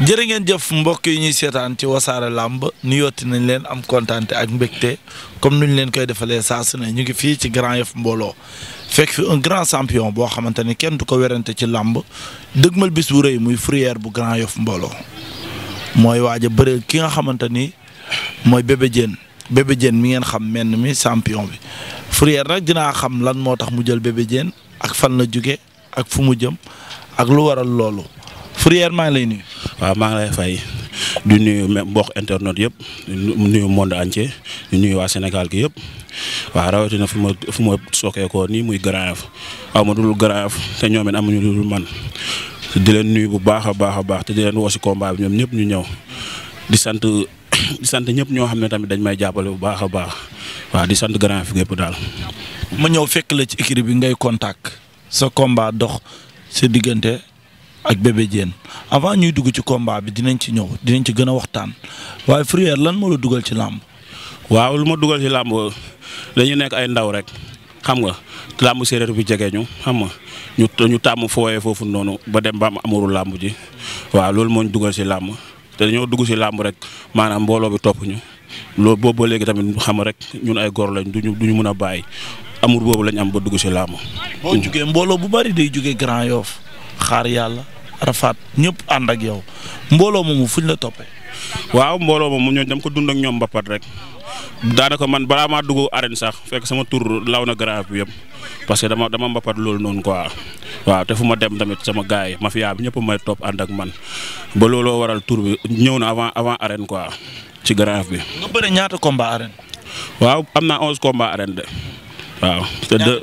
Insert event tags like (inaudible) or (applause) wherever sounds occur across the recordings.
jërë ngeen jëf mbokk yi ñuy seetaan ci wasaare làmb nu yotti nañ leen am kontaan ak mbégte comme nu leen koy defalee saa su ñu ngi fii ci Grand Yoff mbooloo fekk fi un grand sampion boo xamante ni kenn du ko werante ci làmb dëgmal bis bu rëy muy Fourrière bu Grand Yoff mbooloo mooy waaja a ki nga xamante ni mooy Bébé Diène Bébé Diène mi ngeen xam menn mi sampion bi Fourrière nag dinaa xam lan moo tax mu jël Bébé Diène ak fan la jóge ak fu mu jëm ak lu waral loolu Fourrière lay nuyu. waaw maa ngi lay fay di nuyu mbokk internet yëpp nuyu monde entier di nuyu waa Sénégal gi yëpp waaw rawatina fu ma fu ma sookeekoo nii muy Grand Yoff aw ma dul Grand Yoff te ñoom it amuñu dul man di leen nuyu bu baax a baax a baax te di leen woo si combat bi ñoom ñëpp ñu ñëw di sant di sant ñëpp ñoo xam ne tamit dañ may jàppale bu baax a baax waaw di sant Grand Yoff gépp daal. ma ñëw fekk la ci équipe bi ngay contact sa komba dox sa diggante. ak bébé Diène avant ñuy dugg ci combat bi dinañ ci ñëw dinañ ci gën a waxtaan waaye Fourrière lan moo la dugal ci làmb. waaw lu ma dugal ci làmb dañu nekk ay ndaw rek xam nga làmb séeréer bi jege ñu xam nga ñu ñu tàmm fooyee foofu noonu ba dem ba am amuru làmb ji waaw loolu moo dugal ci làmb te dañoo dugg ci làmb rek maanaam mbooloo bi toppuñu ñu loolu boobu ba léegi tamit xam rek ñun ay góor lañ duñu duñu mën a bàyyi amur boobu lañ am ba dugg ci làmb. mbooloo bu bari day jugee Grand Yoff xaar yàlla rafaat ñëpp ànd ak yow mbooloo moomu fuñ la toppee. waaw mbooloo mu ñoo dem ko dund ak ñoom mbapat rek daanaka man balaa maa dugg arène sax fekk sama tur law na garab bi yëpp parce que dama dama mbapat loolu noonu quoi waaw te fu ma dem tamit sama gaay mafia bi ñëpp may topp ànd man ba looloo waral tur bi ñëw na avant avant arène quoi ci garab bi. nga bëre ñaata combat arène. waaw am naa onze combat arène de. waaw te deux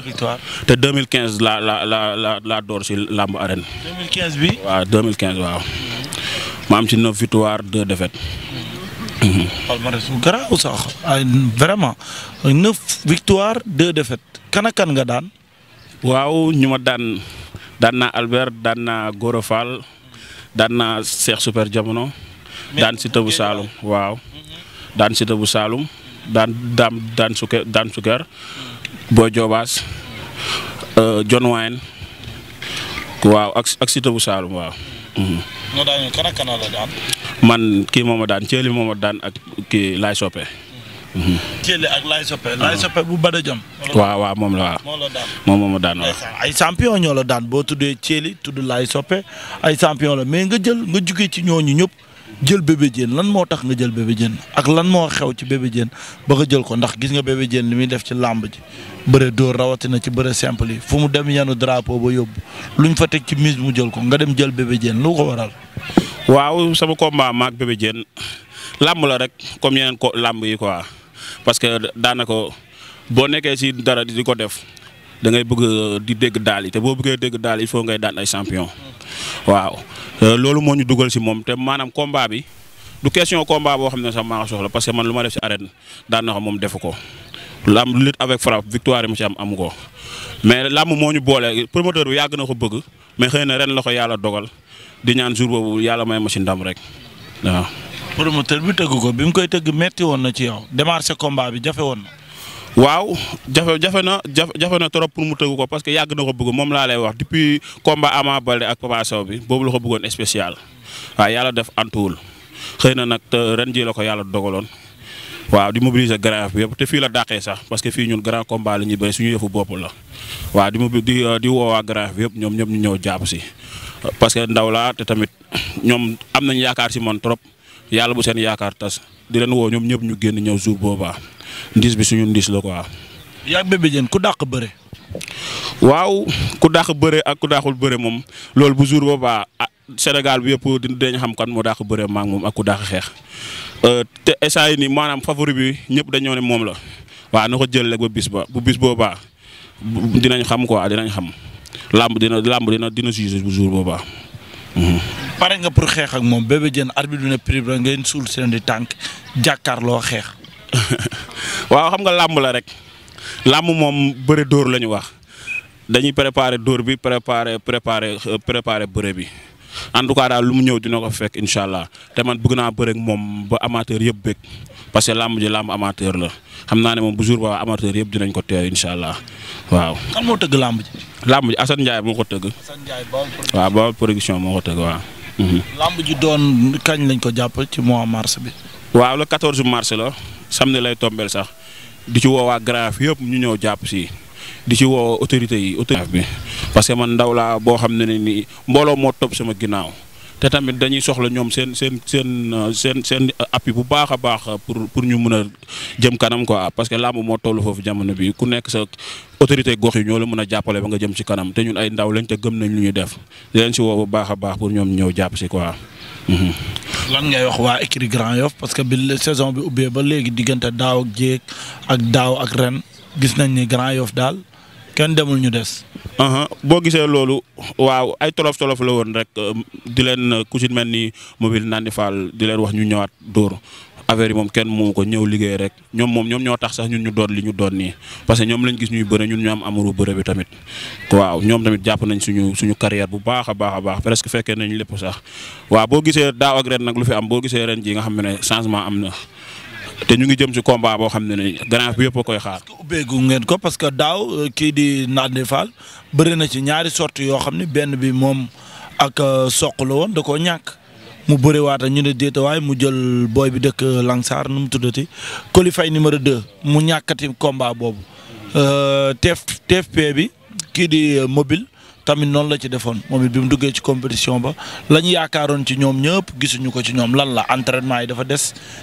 te 2015 la la la la la door si làmb arène. bi. waaw 2015 waaw. ma am ci 9 victoire 2 défaites. palmarès bu sax ay vraiment 9 victoire 2 défaites kan ak nga daan. waaw ñu ma daan daan naa Albert daan naa Goro Fall daan naa Cheikh Super Jamono. daan Siteu bu Saloum waaw. daan Siteu bu Saloum daan daam Boy Jobaas euh, John Wayne waaw ak ak bu Saalum waaw. Mhm. man kii moom a daan Thielly moom daan ak kii Laay Soppe. Mhm. Mhm. Thielly ak Laay Soppe. Laay Soppe bu Bada Jom. waaw waaw moom la waaw. moom la daan a daan waaw. ay champion ñoo la daan boo tuddee Thielly tudd lay Soppe ay champion la mais nga jël nga jugee ci ñooñu ñëpp. jël Bébé Diène lan moo tax nga jël Bébé Diène ak lan moo xew ci Bébé Diène ba nga jël ko ndax gis nga Bébé Diène li muy def ci làmb ji bëre dóor rawatina ci bëre simple yi fu mu dem yanu drapeau ba yóbbu luñ fa teg ci mise mu jël ko nga dem jël Bébé Diène lu ko waral. waaw sama combat maak Bébé Diène làmb la rek comme yeneen ko làmb yi quoi parce que daanaka boo nekkee si dara di ko def da ngay bëgg di dégg daal yi te boo bëggee dégg daal il faut ngay daan ay champion. waaw euh, loolu moo ñu dugal si moom te maanaam combat bi du question combat boo xam ne sax maa ko soxla parce que man lu ma def si arène daan na ko moom defu ko lamb lutte avec frappe victoire mu ci am amu ko mais lamb moo ñu boole promoteur bi yàgg na ko bëgg mais xëy na ren la ko yàlla dogal di ñaan jour boobu yàlla may ma si ndam rek waaw. promoteur bi tëgg ko bi mu koy tëgg metti woon na ci yow démarrer combat bi jafe woon waaw jafe jafe na jafe na trop pour mu tëgg ko parce que yàgg na ko bëgg moom laa lay wax depuis combat Ama Baldé ak Papa bi boobu la ko bëggoon spécial waaw yàlla def antuwul xëy na nag ren jii a ko yàlla dogaloon waaw di mobiliser grand bi yëpp te fii la dàqee sax parce que fii ñun grand combat la ñuy bëri suñu yëfu bopp la waaw di mobil di di woowaa grand bi yëpp ñoom ñëpp ñu ñëw jàpp si parce que ndaw laa te tamit ñoom am nañ yaakaar si man trop yàlla bu seen yaakaar di leen woo ñoom ñëpp ñu génn ñëw jour boobaa ndiis bi suñu ndiis la quoi. yaa Bébé Diène ku daq bëre. waaw ku daq bëre ak ku dàqul bëre moom loolu bu jour boobaa ah, Sénégal bi yëpp dinañ xam kan moo dàq bëree maak moom ak ku dàq xeex euh, te instant ni nii maanaam favori bi ñëpp dañoo ne moom la waaw na ko jël rek ba bis ba bu bis boobaa dinañ xam quoi dinañ xam làmb dina làmb dina dina juge bu jour boobaa. Mhm. pare nga pour xeex ak moom Bébé Diène arbitre bi ne prix ngeen suul seen di tànk jàkkaarloo xeex. (laughs) waaw xam nga làmb la rek làmb moom bëre door la ñu wax dañuy préparer door bi préparer préparer euh, préparer bëre bi en tout cas daal lu mu ñëw dina ko fekk incha allah te man bëgg naa bëre moom ba amateur yëpp bëgg parce que làmb ji làmb amateur la xam naa ne moom bu jour ba amateur yëpp dinañ ko teew incha allah waaw. kan moo tëgg làmb ji. làmb ji moo ko tëgg. waaw Baol production moo ko tëgg waaw. Mhm. làmb ji doon kañ lañ ko jàpp ci mois mars bi. waaw le 14 la. samedi lay tombel sax di ci woo waa yëpp ñu ñëw jàpp si di ci woow autorité yi autorité bi parce que man ndaw laa boo xam ne ne nii mbooloo moo topp sama ginnaaw te tamit dañuy soxla ñoom seen seen seen seen seen appui bu baax a baax pour pour ñu mun a jëm kanam quoi parce que làmb moo toll foofu jamono bi ku nekk sa autorité gox yi ñoo la mën a jàppale ba nga jëm ci kanam te ñun ay ndaw lañ te gëm nañ lu ñu def di leen si woo bu baax a baax pour ñoom ñëw jàpp si quoi. lan ngay wax waa écurie Grand Yoff parce que bi saison bi ubbee ba léegi diggante daaw ak jéeg ak daaw ak ren gis nañ ni Grand Yoff daal kenn demul ñu des. boo gisee loolu waaw ay tolof tolof la woon rek euh, di leen euh, ku mel ni mobile naan di faal di leen wax ñu ñëwaat dóor affaire yi moom kenn moomu ko ñëw liggéey rek ñoom moom ñoom ñoo tax sax ñun ñu doon li ñu doon nii parce que ñoom lañ gis ñuy bëre ñun ñu am amaru bëre bi tamit waaw ñoom tamit jàpp nañ suñu suñu carrière bu baax a baax a baax presque fekkee nañ lépp sax waaw boo gisee daaw ak ren nag lu fi am boo gisee ren ji nga xam ne changement am na te ñu ngi jëm si combat boo xam ne ne grand bi yëpp koy xaar. gu ngeen ko parce que daaw euh, kii di Nandi Fall bëri na ci ñaari sorte yoo xam ne benn bi moom ak euh, soq da koo ñàkk mu bëriwaata ñu ne waaye mu jël booy bi dëkk Langsar nu mu tuddati kolifay Faye numéro mu ñàkkati combat boobu euh, TF TFP bi kii di euh, mobile tamit noonu la ci defoon moom bi mu duggee ci compétition ba la ñu yaakaaroon ci ñoom ñëpp gisuñu ko ci ñoom lan la entraînement yi dafa des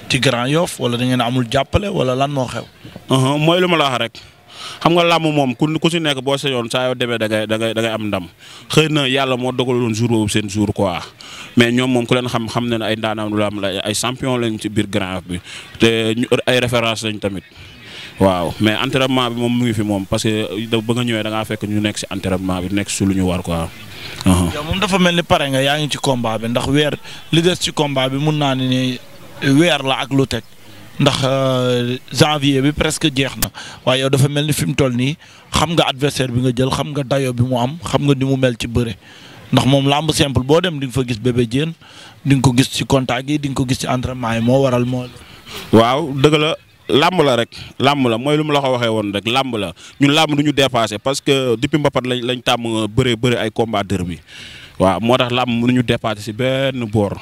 ci Grand Yoff wala da ngeen amul jàppale wala lan moo xew. Uh-huh, mooy lu ma la rek. xam nga làmb moom ku ku si nekk boo sañoon saa yoo demee da ngay da ngay am ndam xëy yàlla moo dogaloon jour boobu seen jour quoi mais ñoom moom ku leen xam ne ne ay ndaanaan lu am la ay champion lañ ci biir Grand bi te ay référence lañ tamit waaw mais entraînement bi moom mu ngi fi moom parce que da ba nga ñëwee da ngaa fekk ñu nekk si entraînement bi nekk si ñu war quoi. Uh-huh. yow moom dafa mel ni pare nga yaa ngi ci combat bi ndax weer li des ci combat bi mun naa ne ndax euh, janvier bi presque jeex na waaye dafa mel ni fi mu toll nii xam nga adversaire bi nga jël xam nga dayo bi mu am xam nga ni mu mel ci bëre ndax moom làmb simple boo dem di nga fa gis bébé Diène di nga ko gis ci contact yi di nga ko gis ci entraînement yi moo waral moo. waaw dëgëla làmb la rek làmb la mooy lu mu la ko waxee woon rek làmb la ñu làmb du ñu dépassé parce que depuis mbapat lañ lañ tàmm bëree bëri ay combat derby bi waaw moo tax làmb mënuñu dépassé si benn boor.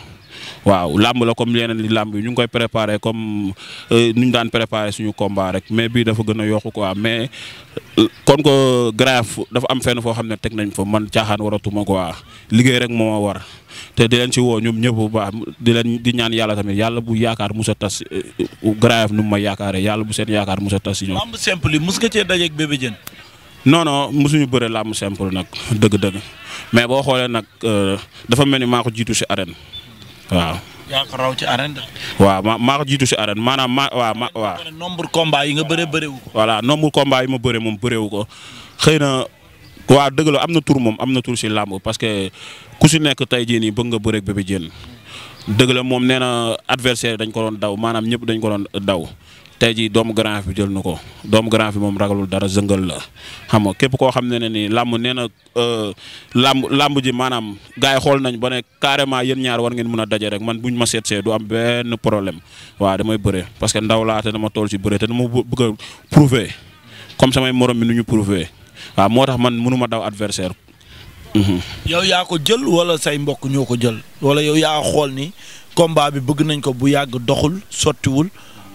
waaw làmb la comme yeneen làmb yi ñu ngi koy préparé comme euh, nu ñu daan préparé suñu combat rek mais bii dafa gën a yokku quoi mais euh, kon ko grave dafa am fenn foo xam ne teg nañ fa man caaxaan waratuma quoi liggéey rek moo war te di leen ci woo ñoom ñëpp bu di leen di ñaan yàlla tamit yàlla bu yaakaar musa tas euh, grave nu mu ma yaakaaree yàlla bu seen yaakaar musa tas si ñoom. làmb simple yi mus nga cee dajeeg bébé jën. non non mosuñu bëre làmb simple nag dëgg-dëgg mais boo xoolee nag dafa mel ni maa ko jiitu si arène. waaw. ci arène waaw ma maa ko jiitu si arène maanaam ma waa ma waa nombre combat yi nga bëree bëreewu ko. voilà nombre combat yi ma bëree moom bëreewu ko xëy na waa dëgg la am na tur moom am na tur si làmb parce que ku si nekk tey jii nii bëgg nga bëreeg Bébé Diène dëgg moom nee na adversaire dañ ko doon daw maanaam ñëpp dañ ko doon daw tey jii doomu Grand Yoff bi jël na ko doomu Grand Yoff bi moom ragalul dara zëngal la xam nga képp koo xam ne ne nii làmb nee na euh, làmb làmb ji maanaam gars yi xool nañ ba ne carrément yéen ñaar war ngeen mën a daje rek man buñ ma seet see du am benn problème waaw damay bëre parce que ndaw laa te dama tool si bëre te dama bëgg a prouver comme samay morom mi nu ñu prouver waaw moo tax man mënu ma daw adversaire mhm. yow yaa ko jël wala say mbokk ñoo ko jël wala yow yaa xool ni combat bi bëgg nañ ko bu yàgg doxul sottiwul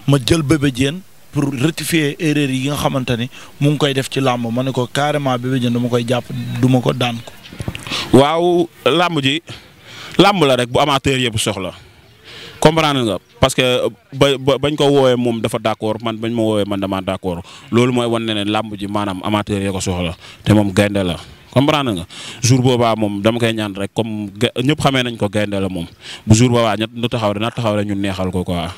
ma jël Bébé Diène pour rectifier erreur yi nga xamante ni mu ngi koy def ci làmb ma ne ko carrément Bébé Diène dama koy jàpp duma ko daan ko. waaw làmb ji làmb la rek bu amateur bu soxla comprendre nga parce que ba bañ ko woowee moom dafa d'accord man bañ ma woowee man dama d'accord loolu mooy wan ne ne làmb ji maanaam amateur yee ko soxla te moom gaynde la. comprendre nga jour boobaa moom dama koy ñaan rek comme ñëpp xamee nañ ko gaynde la moom bu jour boobaa ñett ñu taxaw dina taxaw rek ñu neexal ko quoi.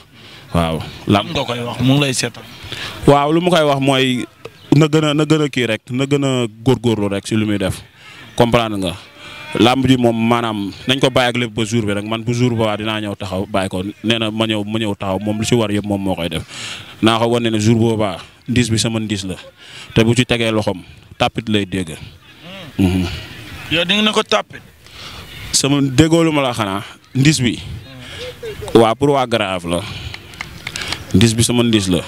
waaw. lam nga koy wax mu ngi lay seetal. waaw lu mu koy wax mooy na gën a gën a kii rek na gën a góorgóorlu rek si lu muy def comprendre nga. làmb ji moom maanaam nañ ko bàyyi ak lépp ba jour bi rek man bu jour boobaa dinaa ñëw taxaw bàyyi ko nee na ma ñëw ma ñëw taxaw moom lu si war yëpp moom moo koy def naa ko wane ne jour boobaa ndiis bi sama ndiis la te bu ci tegee loxoom tàppit lay dégg. Hmm. Hmm. yow di ne ko tàppit. sama déggoolu ma la xanaa ndiis bi. Hmm. waa pour waa Garaaf la. ndiis bi sama ndiis la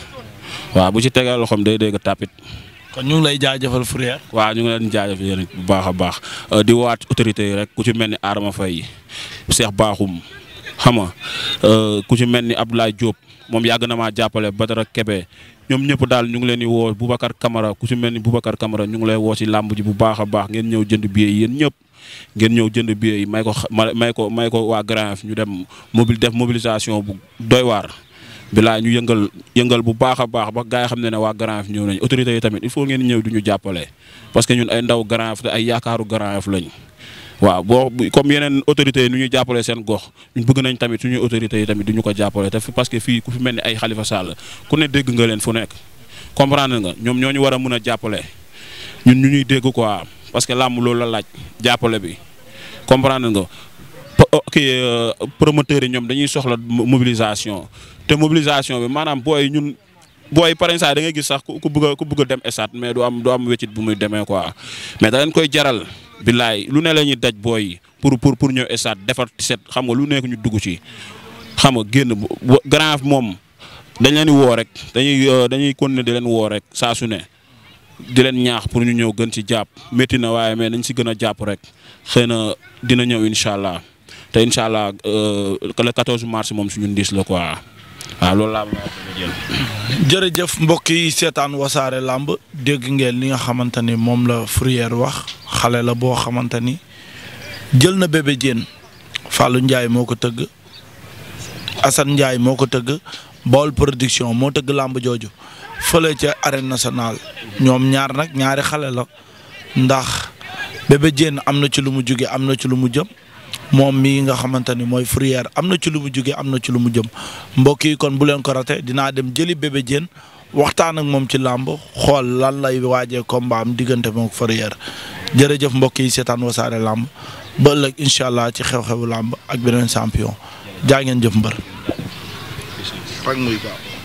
waaw bu ci tegee loxoom day dégg tàppit kon ñu ngi lay jaajëfal Fourrière. waa ñu ngi leen jaajëfal yéen bu baax a baax euh, di waat autorité yi rek ku ci mel ni Adama Faye Cheikh baaxum xam nga euh, ku ci mel ni Abdoulaye Diop moom yàgg na maa jàppale Badara Kebe ñoom ñëpp daal ñu ngi leen di woo Boubacar Camara ku ci mel ni Boubacar Camara ñu ngi lay woo si làmb ji bu baax a baax ngeen ñëw jënd billet yi yéen ñëpp ngeen ñëw jënd billet yi may ko may ko may ko waa Grand ñu dem mobile def mobilisation bu doy waar. bilaa ñu yëngal yëngal bu baax a baax ba gaa yi xam ne ne waa Grand Yoff ñëw nañ autorité yi tamit il faut ngeen ñëw di ñu jàppale parce que ñun ay ndaw Grand Yoff te ay yaakaaru waaw boo comme yeneen autorité yi nu ñuy jàppale seen gox ñu bëgg nañ tamit suñuy autorité yi tamit di ñu ko jàppale te parce que fii ku fi mel ni ay Khalifa Sall ku ne dégg nga leen fu nekk comprendre nga ñoom ñoo ñu war a a jàppale ñun ñu ñuy dégg quoi parce que làmb loolu la laaj jàppale bi comprendre nga ok oh, euh, promoteurs yi ñoom dañuy soxla mobilisation te mobilisation bi maanaam booy ñun booy par exemple da ngay gis sax ku bëgg a bëgg dem stade mais du am du am wéccit bu muy demee quoi mais da leen koy jaral billaay lu ne la ñuy daj booy yi pour pour pour ñëw stade defar set xam lu nekk ñu dugg ci xam nga génn grand moom dañ leen di woo rek dañuy euh, dañuy continuer di leen woo rek saa su ne di leen ñaax pour ñu ñëw gën ci jàpp métti na waaye mais nañ si gën a jàpp rek xëy dina ñëw incha allah te incha allah euh, le 14 mars moom suñu ndiis la quoi. waaw loolu laa jërëjëf mbokk yi seetaan wasaare làmb dégg ngeen li nga xamante ni moom la Fourrière wax xale la boo xamante ni jël na bébé Diène Fallou Ndiaye moo ko tëgg Assane njaay moo ko tëgg Baol production moo tëgg làmb jooju fële ca arène national ñoom ñaar nag ñaari xale la ndax bébé Diène am na ci lu mu jóge am na ci lu mu jëm moom mii nga xamante ni mooy Fourrière am na ci lu mu jógee am na ci lu mu jëm mbokk yi kon bu leen ko rate dinaa dem jëli bébé Diène waxtaan ak moom ci làmb xool lan lay waajee ko mbaam diggante moom Fourrière jërëjëf mbokk yi seetaan wasaare làmb ba ëllëg incha allah ci xew-xewu làmb ak beneen champion jaa ngeen jëf mbër.